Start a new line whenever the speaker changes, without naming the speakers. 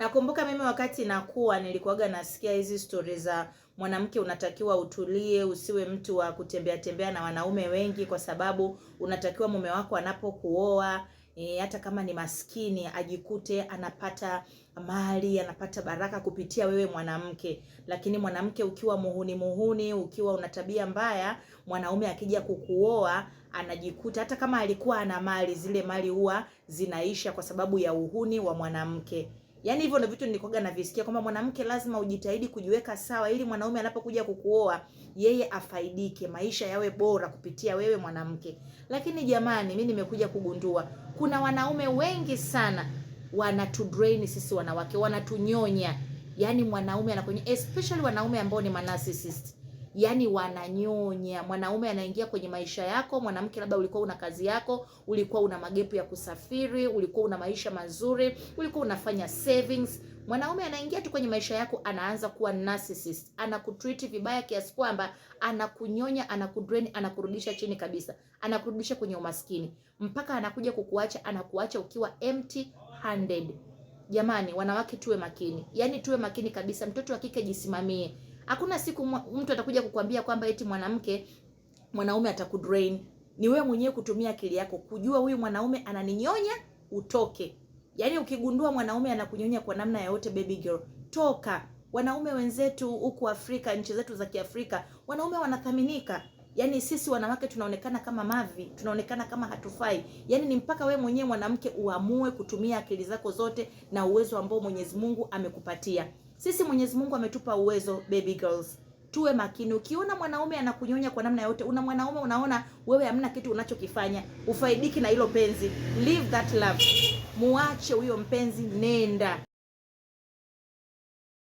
Nakumbuka mimi wakati nakuwa nilikuwaga nasikia hizi stori za mwanamke unatakiwa utulie, usiwe mtu wa kutembea tembea na wanaume wengi, kwa sababu unatakiwa mume wako anapokuoa E, hata kama ni maskini ajikute anapata mali anapata baraka kupitia wewe mwanamke. Lakini mwanamke ukiwa muhuni muhuni, ukiwa una tabia mbaya, mwanaume akija kukuoa anajikuta hata kama alikuwa ana mali, zile mali huwa zinaisha kwa sababu ya uhuni wa mwanamke. Yaani hivyo ndio vitu nilikoga na visikia kwamba mwanamke lazima ujitahidi kujiweka sawa ili mwanaume anapokuja kukuoa yeye afaidike, maisha yawe bora kupitia wewe mwanamke. Lakini jamani, mimi nimekuja kugundua kuna wanaume wengi sana wanatudrain sisi wanawake, wanatunyonya. Yaani mwanaume anakunyonya, especially wanaume ambao ni narcissist yani wananyonya. Mwanaume anaingia kwenye maisha yako, mwanamke labda ulikuwa una kazi yako, ulikuwa una magepu ya kusafiri, ulikuwa una maisha mazuri, ulikuwa unafanya savings. Mwanaume anaingia tu kwenye maisha yako, anaanza kuwa narcissist, anakutreat vibaya kiasi kwamba anakunyonya, anakudrain, anakurudisha chini kabisa, anakurudisha kwenye umaskini, mpaka anakuja kukuacha, anakuacha ukiwa empty handed. Jamani, wanawake tuwe makini, yaani tuwe makini kabisa. Mtoto wa kike jisimamie. Hakuna siku mtu atakuja kukwambia kwamba eti mwanamke mwanaume atakudrain. Ni wewe mwenyewe kutumia akili yako kujua huyu mwanaume ananinyonya, utoke. Yaani ukigundua mwanaume anakunyonya kwa namna yoyote, baby girl, toka. Wanaume wenzetu huku Afrika, nchi zetu za Kiafrika, wanaume wanathaminika. Yaani sisi wanawake tunaonekana kama mavi, tunaonekana kama hatufai. Yaani ni mpaka we mwenyewe mwanamke uamue kutumia akili zako zote na uwezo ambao Mwenyezi Mungu amekupatia. Sisi Mwenyezi Mungu ametupa uwezo, baby girls, tuwe makini. Ukiona mwanaume anakunyonya kwa namna yote, una mwanaume unaona wewe hamna kitu unachokifanya, ufaidiki na hilo penzi, leave that love, muache huyo mpenzi, nenda.